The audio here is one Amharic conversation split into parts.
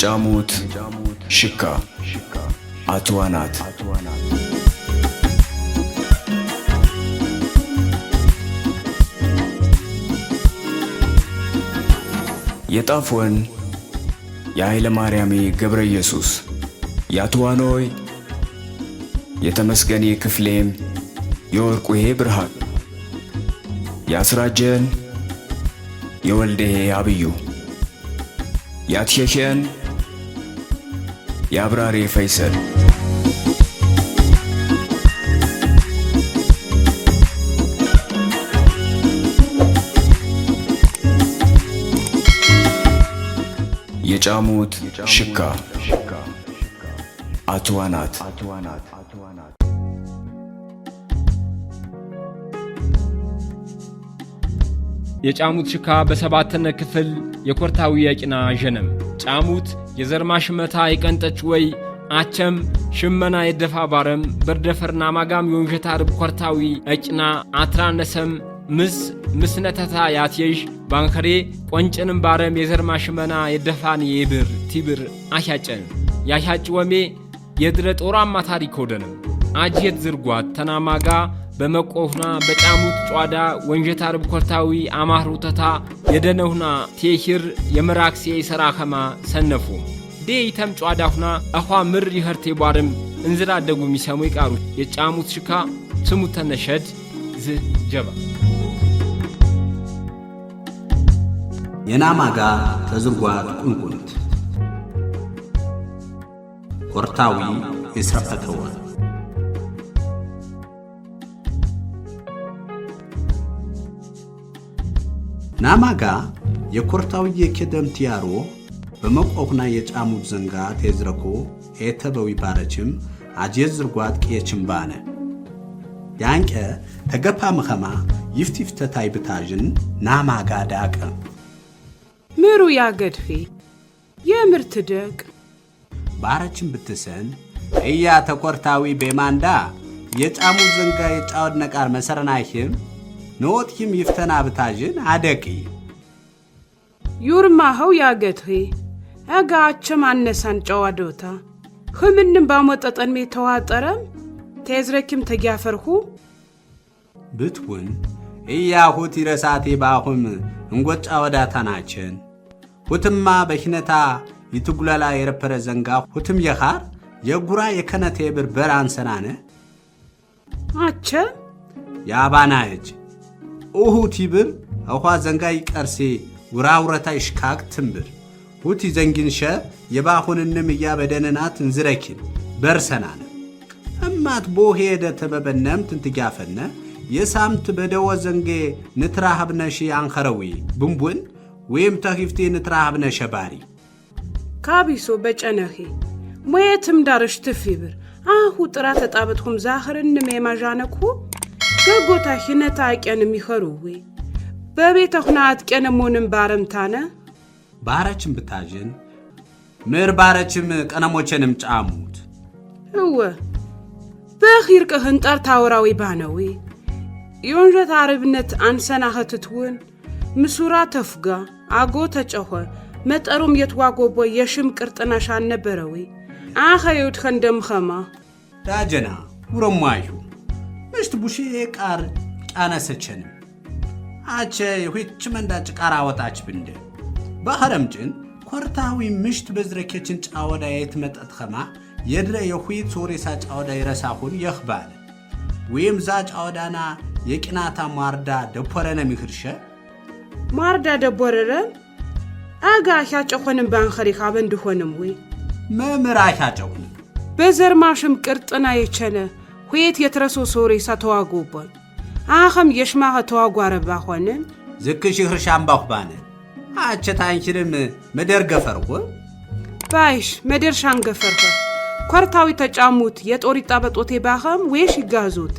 የጫሙት ሽካ አትዋናት የጣፍወን የኃይለ ማርያሜ ገብረ ኢየሱስ የአትዋኖይ የተመስገኔ ክፍሌም የወርቁሄ ብርሃን የአስራጀን የወልደሄ አብዩ ያትሸሸን የአብራሪ ፈይሰል የጫሙት ሽካ አትዋናት የጫሙት ሽካ በሰባተነ ክፍል የኮርታዊ የቂና ዠነም ጫሙት የዘርማ ሽመታ የቀንጠች ወይ አቸም ሽመና የደፋ ባረም በርደፈርና ማጋም የወንዠታ ርብ ኮርታዊ እጭና አትራነሰም ምስ ምስነተታ ያትየሽ ባንከሬ ቆንጭንም ባረም የዘርማ ሽመና የደፋን የብር ቲብር አሻጨን ያሻጭ ወሜ የድረ ጦራማ ታሪክ ወደንም አጅየት ዝርጓት ተናማጋ በመቆፍና በጫሙት ጯዳ ወንጀታ ርብ ኮርታዊ አማህሩ ተታ የደነሁና ቴሂር የመራክሴ ሠራ ኸማ ሰነፉ ዴይተም ጯዳሁና አዃ ምር ይኸርቴ ቧርም እንዝራ ሚሰሙ የሚሰሙ ይቃሩ የጫሙት ሽካ ስሙ ተነሸድ ዝ ጀባ የናማጋ ተዝርጓት ቁንቁንት ቆርታዊ የስረፈተወ ናማጋ የኮርታው የከደም ቲያሮ በመቆሁና የጫሙ ዘንጋ ቴዝረኮ ኤተበዊ ባረችም አጄዝር ጓት ቄችም ባነ ያንቀ ተገፓ መኸማ ተታይ ብታዥን ናማጋ ዳቀ ምሩ ያገድፊ የምርት ደቅ ባረችም ብትሰን እያ ተኰርታዊ ቤማንዳ የጫሙት ዘንጋ የጫወድ ነቃር መሰረናይህም ንወትኪም ይፍተና ብታዥን አደቂ ዩርማኸው ያገትሂ አጋ አቸም አነሳን ጨዋዶታ ኽምንም ባሞጠጠንሜ ተዋጠረም ተዝረኪም ተጊያፈርኹ ብትውን እያሁት ይረሳቴ ባኹም እንጐጫ ወዳታ ናቸን ሁትማ በሽነታ ይትጉለላ የረፐረ ዘንጋ ሁትም የኻር የጉራ የከነቴ ብር በራንሰናነ አቸ ያባና እጅ ኦሁ ይብር አውኋ ዘንጋይ ቀርሴ ውራውረታ ይሽካግ ትንብር ሁቲ ዘንጊንሸ የባኹንንም እያበደንናት እንዝረኪን በርሰናነ እማት ቦሄደ ሄደ ተበበነም ትንትጋፈነ የሳምት በደወ ዘንጌ ንትራሃብነ ሺ አንኸረዊ ብንቡን ወይም ተኺፍቲ ንትራሃብነ ሸባሪ ካቢሶ በጨነኺ ሞየትም ዳርሽ ትፊብር አሁ ጥራ ተጣበጥኩም ዛኽርን ሜማዣነኩ ገጎታሽነ ታቄንም ይኸሩዌ በቤተኹና አትቄነሞንም ባረምታነ ባረችም ብታዥን ምር ባረችም ቀነሞቼንም ጫሙት እወ በኺርቅ ህንጠር ታውራዊ ባነዌ የወንዠት አርብነት አንሰናኸትትውን ምሱራ ተፍጋ አጎ ተጨኸ መጠሩም የትዋጎቦ የሽም ቅርጥናሽ አልነበረዊ አኸ የውድኸ እንደምኸማ ዳጀና ውረሟይሁ ምሽት ቡሽዬ ቃር ጫነሰቸን አቸ ሁች መንዳጭ ቃር አወጣች ብንድ ባህረም ጭን ኮርታዊ ምሽት በዝረኬችን ጫወዳየት መጠትኸማ የድረ የሁት ሶሬሳ ጫወዳ ይረሳሁን የኽባል ወይም ዛ ጫወዳና የቅናታ ማርዳ ደፖረነ ምህርሸ ማርዳ ደቦረረ አጋ ሻጨኾንም ባንኸሪኻ በንድኾንም ወይ መምራ ሻጨኹን በዘርማሽም ቅርጥና የቸነ ሁየት የትረሶ ሶሬሳ ተዋጎቦን አኸም የሽማኸ ተዋጓረ ባኾን ዝክሽ ኽርሻምባኹ ባነ አቸት አንችንም መደር ገፈርኩ ባይሽ መደር ሻን ገፈርኩ ኰርታዊ ተጫሙት የጦሪ ጣበጦቴ ባኸም ዌሽ ይጋዞቴ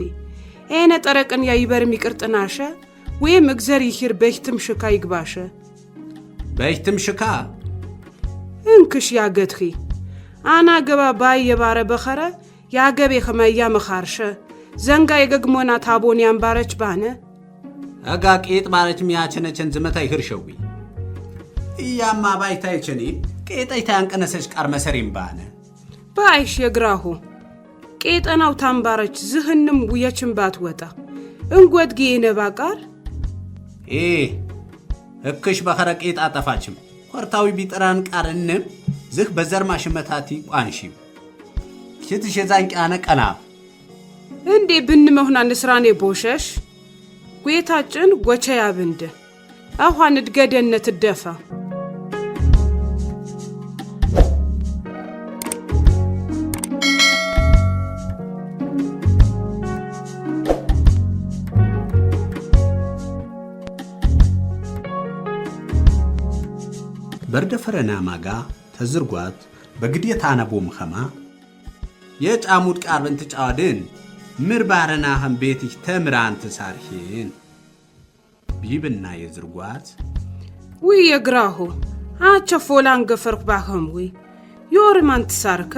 ኤነ ጠረቅን ያ ይበርም ይቅርጥናሸ ወይም እግዘር ይሂር በሽትም ሽካ ይግባሸ በሽትም ሽካ እንክሽ ያገትኺ አና ገባ ባይ የባረ በኸረ ያገቤኸመ መኻርሸ ዘንጋ የገግሞና ታቦን ያንባረች ባነ አጋ ቄጥ ባረች ሚያቸነቸን ዝመታ ይህርሸዊ እያማ ባይታ ባይታይችኔ ቄጠይታ ያንቀነሰች ቃር መሰሬም ባነ ባይሽ የግራሁ ቄጠናው ታንባረች ዝህንም ውየችንባት ወጣ እንጐድጊ የነባ ቃር ኤ እክሽ በኸረ ቄጥ አጠፋችም ኮርታዊ ቢጥራን ቃር እንም ዝህ በዘርማ ሽመታቲ ቋንሺም ሴትሽ የዛንቅያነ ቀና እንዴ ብን መሆናን ስራኔ ቦሸሽ ጌታጭን ጐቸያ ያብንድ አኋን እድገደነት እደፋ በርደፈረና ማጋ ተዝርጓት በግዴታ ነቦም ኸማ የጫሙድ ቃርበን ትጫዋድን ምርባረናህን ቤትህ ተምራን ትሳርሂን ቢብና የዝርጓት ዊ የግራሁ አቸ ፎላን ገፈርኩ ባኸም ዊ ዮርማን ትሳርከ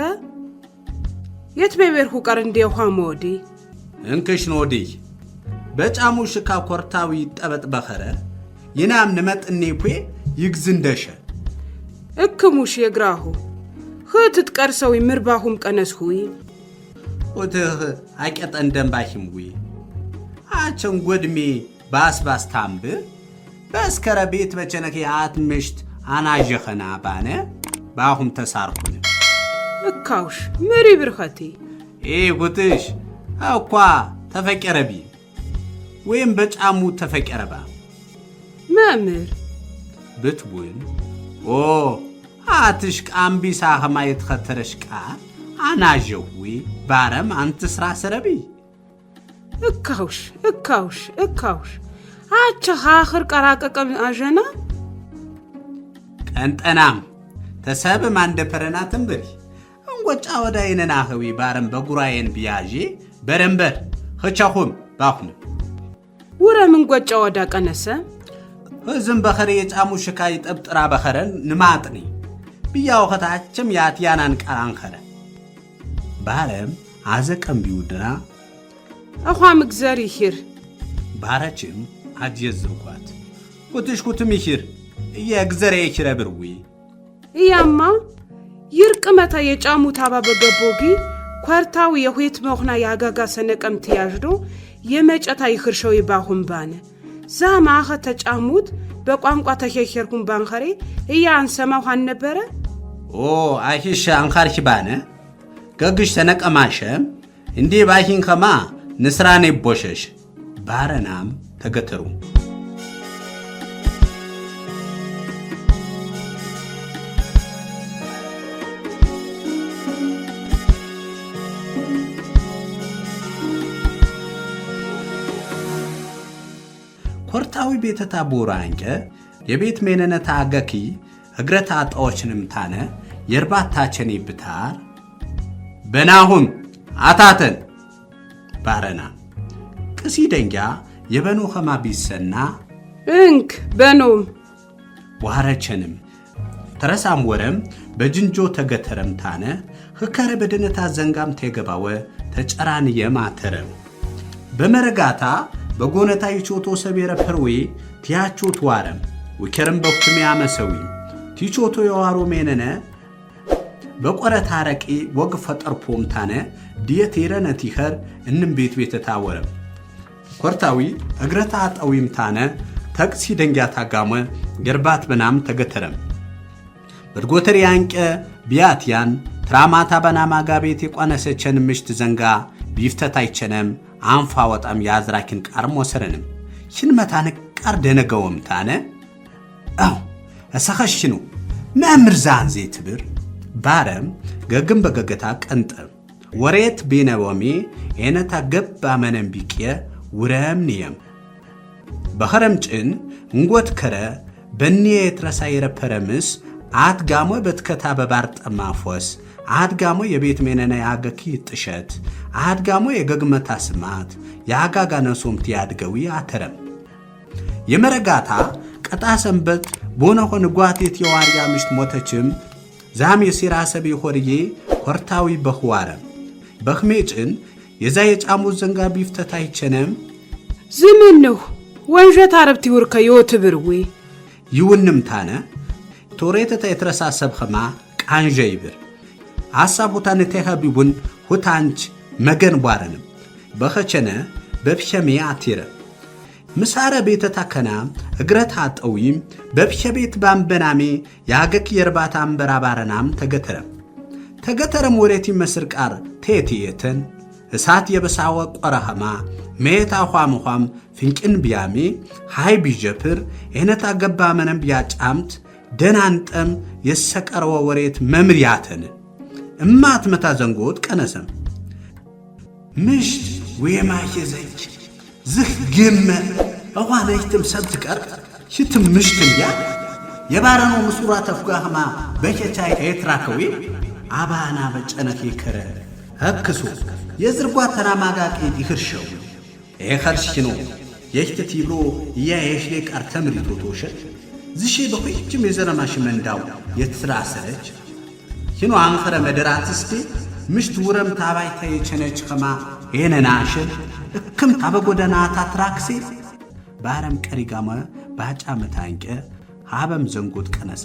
የት በቤርኩ ቀር እንዴውሃ ሞዲ እንክሽ ኖዲ በጫሙ ሽካ ኮርታዊ ጠበጥ በኸረ ይናም ንመጥኔ ፔ ይግዝንደሸ እክሙሽ የግራሁ ክትትቀርሰዊ ምርባሁም ቀነስሁይ ኡትህ አቄጠን ደንባሂም ዊ አቸን ጐድሜ ባስባስ ታምብ በስከረ ቤት በቸነክ የአት ምሽት አናዠኸና ባነ ባሁም ተሳርኩን እካውሽ ምሪ ብርኸቴ ኤ ጐትሽ እኳ ተፈቀረቢ ወይም በጫሙ ተፈቀረባ መምህር ብትውን ኦ አትሽቃ እምቢሳ ኸማየት ኸተረሽቃ አናዠዊ ባረም አንት አንትስራ ሰረቢ እካውሽ እካውሽ እካውሽ አቸ ኻኽር ቀራቀቀም አዠና ቀንጠናም ተሰብ ማንደፐረና ትንብሪ እንጐጫ ወዳ የነናኸዊ ባረም በጉራየን ብያዤ በረንበር ኸቻኹም ባኹነ ውረም እንጐጫ ወዳ ቀነሰ እዝም በኸሬ የጫሙ ሽካይ ጠብጥራ በኸረን ንማጥኒ ብያው ከታችም ያትያናን ቀራን ከረ ባለም አዘቀም ቢውድና እዃም እግዘር ይሂር ባረችም አጅየዘውኳት ኩትሽኩትም ይሂር እየ እግዘረ ይሂረ ብርዊ እያማ ይርቅ መታ የጫሙት አባ በገቦጊ ኳርታው የሁት መሆና የአጋጋ ሰነቀም ትያዥዶ የመጨታ ይኽርሸው ይባሁም ባነ ዛ ማኸ ተጫሙት በቋንቋ ተሸሸርኩን ባንኸሬ እያ አንሰማው ነበረ ኦ አሽሽ አንኻር ሂባነ ገግሽ ተነቀማሸ እንዲህ ባሂን ከማ ንስራኔ ቦሸሽ ባረናም ተገተሩ ቤተታ አንቀ የቤት ሜነነታ አገኪ እግረታ ጣዎችንም ታነ የርባታችን ይብታር በናሁን አታተን ባረና ቅሲ ደንጊያ የበኖ ኸማ ቢሰና እንክ በኖም ዋረቸንም ተረሳም ወረም በጅንጆ ተገተረም ታነ ህከረ በደነታ ዘንጋም ተገባወ ተጨራን የማተረም በመረጋታ በጎነታ ይቾቶ ሰቤረ ፐርዌ ቲያቾት ዋረም ወከረም በኩሜ ያመሰዊ ቲቾቶ የዋሮ ሜነነ በቆረታ አረቄ ወግ ፈጠርፖም ታነ ዲየቴረነ ቲኸር እንም ቤት ቤተ ታወረም ኮርታዊ እግረታ አጣዊም ታነ ተቅሲ ደንጊያ ታጋመ ገርባት በናም ተገተረም በድጎተር ያንቀ ቢያትያን ትራማታ በናማጋ ቤት የቋነሰቸን ምሽት ዘንጋ ቢፍተት አይቸነም አንፋ ወጣም የአዝራኪን ቃር ሞሰረንም ሽንመታነ ቃር ደነገውም ታነ አው እሰኸሽኑ መምር ዛን ዘይትብር ባረም ገግም በገገታ ቀንጠ ወሬት ቢነቦሜ የነታ ገባ መነም ቢቅየ ውረም ንየም በኸረም ጭን እንጎት ከረ በኒየ የትረሳ የረፐረምስ አትጋሞ በትከታ በባር ጠማፎስ አድጋሞ የቤት ሜነና የአገኪ ጥሸት አድጋሞ የገግመታ ስማት የአጋጋ ነሶምት ያድገዊ አተረም የመረጋታ ቀጣ ሰንበት ቦነ ቦነኾን ጓቴት የዋርያ ምሽት ሞተችም ዛም የሴራ ሰብ የሆርዬ ሆርታዊ በኽዋረም በኽሜጭን የዛ የጫሙ ዘንጋ ቢፍተታ ይቸነም ነው ወንዠት አረብቲ ውርከ የወትብርዌ ይውንም ታነ ቶሬተታ የተረሳሰብ ኸማ ቃንዠ ይብር አሳቡታን ተኸቢቡን ሁታንች መገን ቧረንም በኸቸነ በብሸሜ አቲረ ምሳረ ቤተ ታከና እግረት አጠዊም በብሸ ቤት ባንበናሜ የአገክ የእርባታ አንበራ ባረናም ተገተረም ተገተረም ወሬቲ ይመስር ቃር ቴትየተን እሳት የበሳወ ቆረኸማ መየታ ኋምኋም ፍንጭን ብያሜ ሃይ ቢጀፍር ኤነት አገባ መነም ብያጫምት ደናንጠም የሰቀረወ ወሬት መምሪያተን እማት መታ ዘንጎት ቀነሰም ምሽት ወየማየዘች ዝህ ግመ እዋነይትም ሰብ ትቀርብ ሽትም ምሽት እንዲያ የባረኖ ምሱራ ተፍጋህማ በቸቻ ኤትራከዊ አባና በጨነት የከረ አክሱ የዝርጓ ተናማጋቂ ይክርሸው ነው የሽትት ይብሎ እያ የሽሌ ቃር ተምሪቶ ቶሸ ዝሼ በኩይችም የዘረማሽ መንዳው የትስራ አሰረች ኪኖ አንፈረ መደራት እስቲ ምሽት ውረም ታባይተ የቸነች ኸማ የነናሽል እክም ታበ ጎደና ታትራክሴ ባረም ቀሪጋማ ባጫ መታንቀ ሃበም ዘንጎት ቀነሰ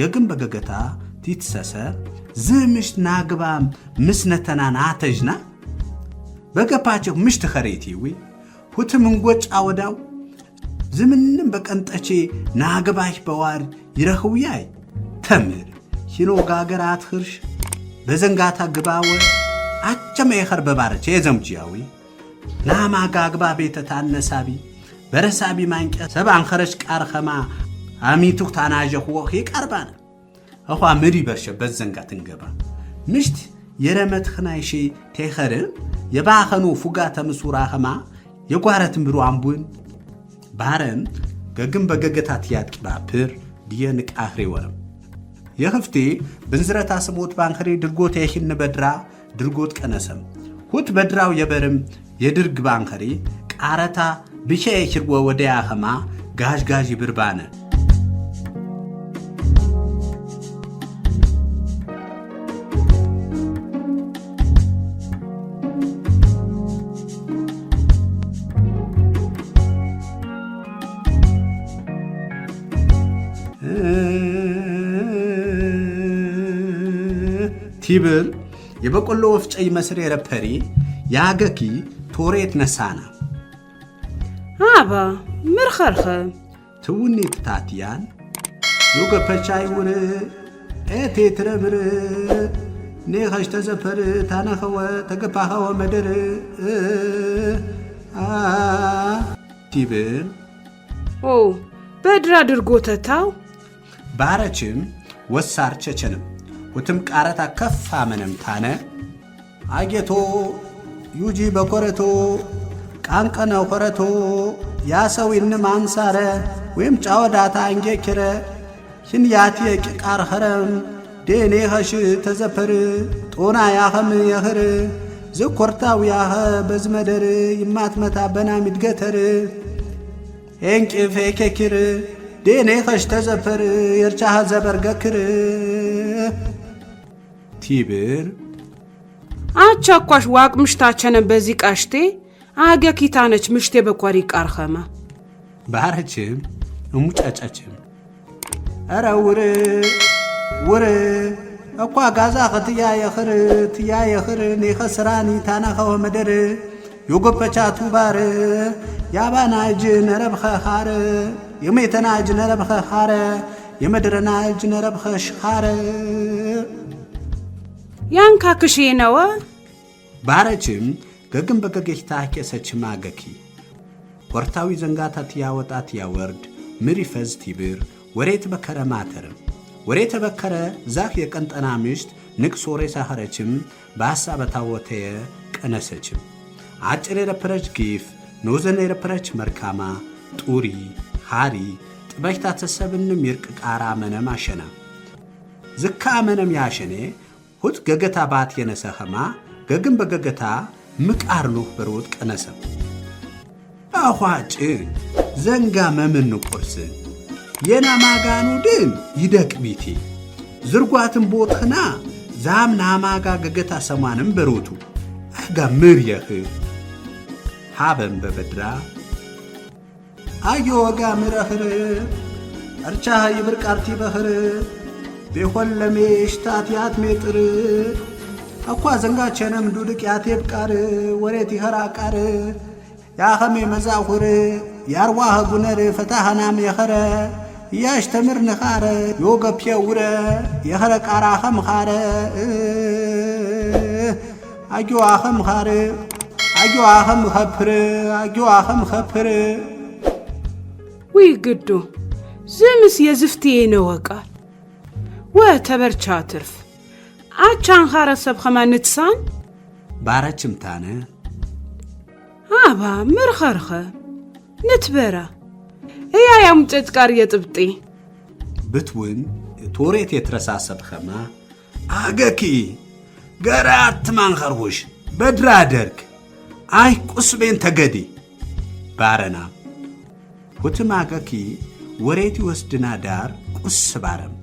ገግም በገገታ ቲትሰሰ ዝምሽ ናግባ ምስነተና ናተጅና በገፓቸው ምሽት ኸሬት ይዊ ሁት ምንጎጭ አወዳው ዝምንም በቀንጠቼ ናግባሽ በዋር ይረኽውያይ ተምር ሂኖ ጋገር አትኽርሽ በዘንጋታ ግባወ አቸመ የኸር በባረቸ የዘምጅያዊ ናማ ጋግባ ቤተ ታነሳቢ በረሳቢ ማንቀ ሰብ አንኸረሽ ቃር ኸማ አሚቱክ ታናዠኽዎ ሄ ቃርባነ እኳ ምሪ በርሸ በዘንጋ ትንገባ ምሽት የረመትኽናይሺ ቴኸርን የባኸኑ ፉጋ ተምሱራ ኸማ የጓረት ምሩ አምቡን ባረን ገግም በገገታት ያጥቂ ባፕር ድየ ንቃኽሪ ወርም የኽፍቲ ብንዝረታ ስሞት ባንኽሪ ድርጎት የሽን በድራ ድርጎት ቀነሰም ሁት በድራው የበርም የድርግ ባንኸሪ ቃረታ ብሸ የሽርጎ ወደያ ኸማ ጋዥጋዥ ይብርባነ ቲብል የበቆሎ ወፍጨይ መስሬ ረፐሪ ያገኪ ቶሬት ነሳና አባ ምርኸርኸ ትውኒ ትታትያን ኑገፐቻይውን ኤቴ ትረብር ኔኸሽ ተዘፈር ታነኸወ ተገፋኸወ መደር ቲብል ኦ በድራ ድርጎ ተታው ባረችም ወሳር ቸቸንም ውትም ቃረታ ከፋ መነም ታነ አጌቶ ዩጂ በኮረቶ ቃንቀነ ኮረቶ ያ ሰው ይንም አንሳረ ወይም ጫወዳታ አንጌ ኪረ ሽን ያቲ የቂቃር ኸረም ዴኔ ኸሽ ተዘፈር ጦና ያኸም የኽር ዝኰርታው ያኸ በዝመደር ይማትመታ በናም ይድገተር ኤንቂ ፌኬኪር ዴኔ ኸሽ ተዘፈር የርቻኸ ዘበር ገክር ቲብር አቻኳሽ ዋቅ ምሽታቸነ በዚህ ቃሽቴ አገ ኪታነች ምሽቴ በኳሪ ቃርኸመ ባህረችም እሙጫጫችም ኧረ ውር ውር እኳ ጋዛ ኸትያ የኽር ትያ የኽር ኔኸ ስራኒ ታናኸወ መደር ዮጎፈቻ ቱባር ያባና እጅ ነረብኸ ኻረ እጅ ነረብኸ ኻረ የመድረና እጅ ነረብኸ ሽኻረ ያንካክሽ ነወ ባረችም ገግም በገጌችታ ቄሰችማ ማገኪ ወርታዊ ዘንጋታት ያወጣት ያወርድ ምሪ ፈዝ ቲብር ወሬት በከረ ማተር ወሬ ተበከረ ዛፍ የቀንጠና ምሽት ንቅስ ወሬ ሳኸረችም በሐሳብ ታወተየ ቀነሰችም አጭር የረፐረች ጊፍ ኖዘን የረፐረች መርካማ ጡሪ ሃሪ ጥበሽታ ተሰብንም ይርቅ ቃራ መነም አሸና ዝካ መነም ያሸኔ ሁት ገገታ ባት የነሰ ኸማ ገግም በገገታ ምቃርሉህ በሮት ቀነሰብ አኋጭ ዘንጋ መምን ቁርስ የና ማጋኑ ድን ይደቅ ቢቴ ዝርጓትን ቦትኽና ዛም ናማጋ ገገታ ሰማንም በሮቱ አጋ ምር የኽ ሃበን በበድራ አዮ ወጋ ምረኽር እርቻ ይብር በኽር ቤኮለሜ ሽታት ያትሜጥር አኳ ዘንጋቸነም ዱድቅ ያቴብ ቃር ወሬት ይኸራ ቃር ያኸሜ መዛሁር ያርዋኸ ጉነር ፈታኸናም የኸረ እያሽ ተምር ንኻረ ዮገፕየ ውረ የኸረ ቃራኸም ኻረ አጊዋኸም ኻር አጊዋኸም ኸፕር አጊዋኸም ኸፕር ውይ ግዱ ዝምስ የዝፍትዬ ነወቃል ወተበርቻ ትርፍ አቻን ኻረ ሰብ ኸማ ንትሳን ባረችም ታነ አባ ምርኸርኸ ንትበረ እያ ያም ጨጭቃር የጥብጢ ብትውን ቶሬት የትረሳሰብ ኸማ አገኪ ገረ አትማንኸርሁሽ በድራ ደርግ አይ ቁስቤን ተገዲ ባረና ሁትም ወሬት ይወስድና ዳር ቁስ ባረም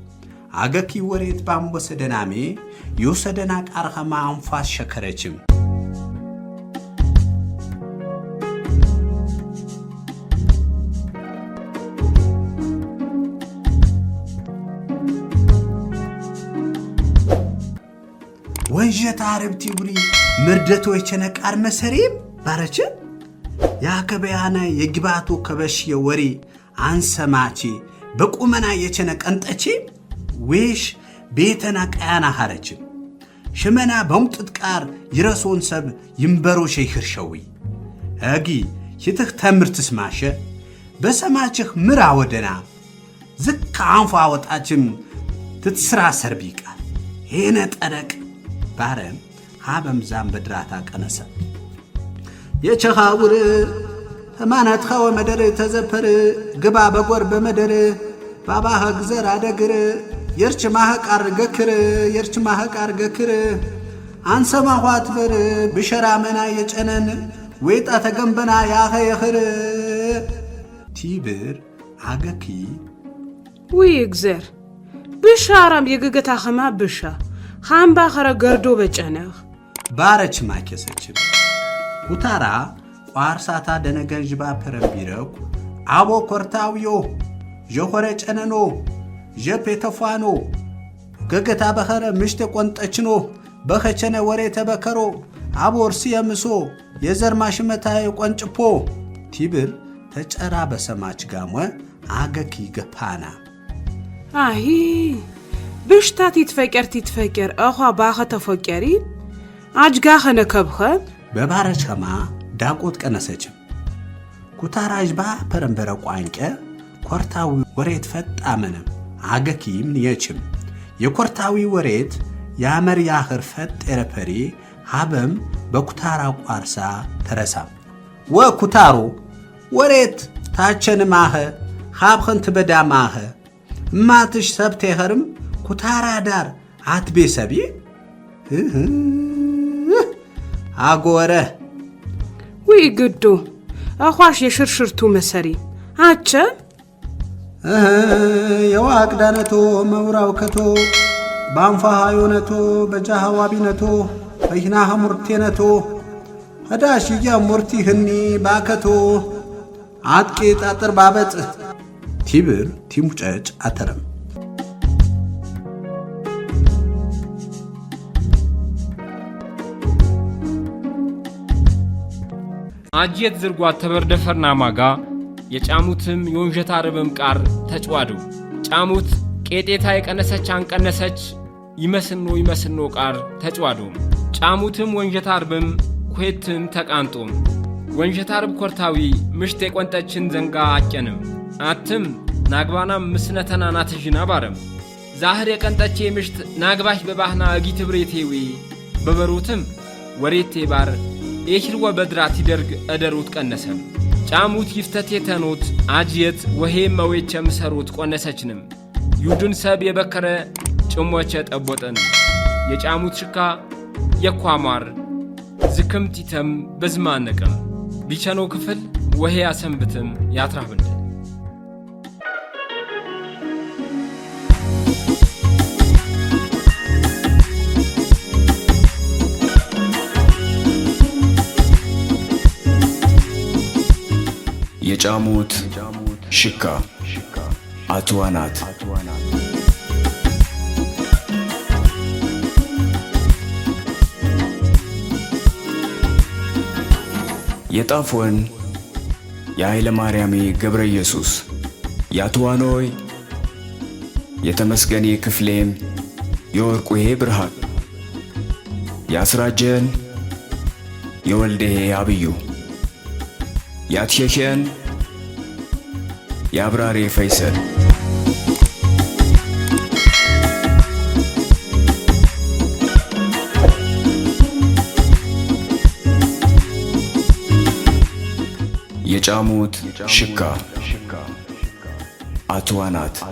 አገኪ ወሬት ባንወሰደናሜ የወሰደና ቃርኸማ አንፋስ ሸከረችም ወንጀት አረብቲ ውሪ ምርደቶ የቸነቃር መሰሪም ባረች ያከበያነ የግባቱ ከበሽ የወሪ አንሰማቺ በቁመና የቸነ ቀንጠቼ ዌሽ ቤተና ቀያና ሐረችም ሽመና በውምጥት ቃር ይረሶን ሰብ ይንበሮ ሸይኽር ሸዊ ሕጊ ሽትኽ ተምርት ስማሸ በሰማችኽ ምር አወደና ዝካ አንፎ አወጣችን ትትስራ ሰርቢ ቃል ሄነ ጠረቅ ባረም ሃበምዛም በድራታ ቀነሰ የቸኻውር ሕማናትኻወ መደር ተዘፈር ግባ በጎር በመደር ባባኸ ግዘር አደግር የርች ማህቅ አርገክር የርች ማህቅ አርገክር አንሰ ማኋት በር ብሸራ መና የጨነን ወይጣ ተገንበና ያኸ የኽር ቲብር አገኪ ውይ እግዜር ብሻራም የገገታ ኸማ ብሻ ኻምባ ኸረ ገርዶ በጨነኽ ባረች ማኬሰችም ኩታራ ቋርሳታ ደነገንዥባ ፐረቢረኩ አቦ ኰርታውዮ ዠኾረ ጨነኖ ዠፕ የተፏኖ ገገታ በኸረ ምሽት ቈንጠችኖ በኸቸነ ወሬ ተበከሮ አቦርሲ የምሶ የዘር ማሽመታ የቈንጭፖ ቲብር ተጨራ በሰማች ጋሞ አገክ ይገፓና አይ ብሽታ ቲትፈቀር ቲትፈቀር እኳ ባኸ ተፈቀሪ አጅጋ ኸነከብኸ በባረች ኸማ ዳቆት ቀነሰችም ኩታራጅ ባ ፐረንበረ ቋንቄ ኰርታዊ ወሬት ፈጣመንም አገኪም የችም የኮርታዊ ወሬት የአመር ያህር ፈጥ ፐሪ ሃበም በኩታራ ቋርሳ ተረሳ ወ ኩታሩ ወሬት ታቸን ማኸ ሃብኸን ትበዳ ማኸ እማትሽ ሰብቴኸርም ኩታራ ዳር አትቤ ሰቢ አጎረ ውይ ግዱ አኳሽ የሽርሽርቱ መሰሪ አቸ የዋ አቅዳነቶ መውራውከቶ በአንፋሃዮነቶ በጃሃዋቢነቶ በሂናሃ ሙርቴነቶ ህዳሽያ ሙርቲ ህኒ ባከቶ አጥቂጥ አጥር ባበጥ ቲብር ቲሙጨጭ አተረም አጅየት ዝርጓ ተበርደፈርና ማጋ የጫሙትም የወንዠት አረብም ቃር ተጭዋዱ ጫሙት ቄጤታ የቀነሰች አንቀነሰች ይመስኖ ይመስኖ ቃር ተጭዋዶም ጫሙትም ወንዠት አርብም ኩሄትም ተቃንጦም ወንዠት አርብ ኮርታዊ ምሽት የቈንጠችን ዘንጋ አጨንም አትም ናግባናም ምስነተና ናትዥና ባረም ዛህር የቀንጠቼ ምሽት ናግባሽ በባህና እጊት ብሬቴዊ በበሮትም ወሬቴ ባር የሽርወ በድራት ይደርግ እደሩት ቀነሰም ጫሙት ይፍተት ተኖት አጅየት ወሄም መዌቸም ሰሩት ቆነሰችንም ዩድን ሰብ የበከረ ጭሞቸ ጠቦጠን የጫሙት ሽካ የኳማር ዝክምቲተም በዝማነቅም ቢቸኖ ክፍል ወሄ አሰንብትም ያትራብን የጫሙት ሽካ አትዋ የጣፎን የኃይለ ማርያሜ ገብረ ኢየሱስ የአትዋኖይ የተመስገኔ ክፍሌም የወርቁሄ ብርሃን የአስራጀን የወልደሄ አብዩ ያትሸሸን የአብራሪ ፈይሰል የጫሙት ሽካ አትዋናት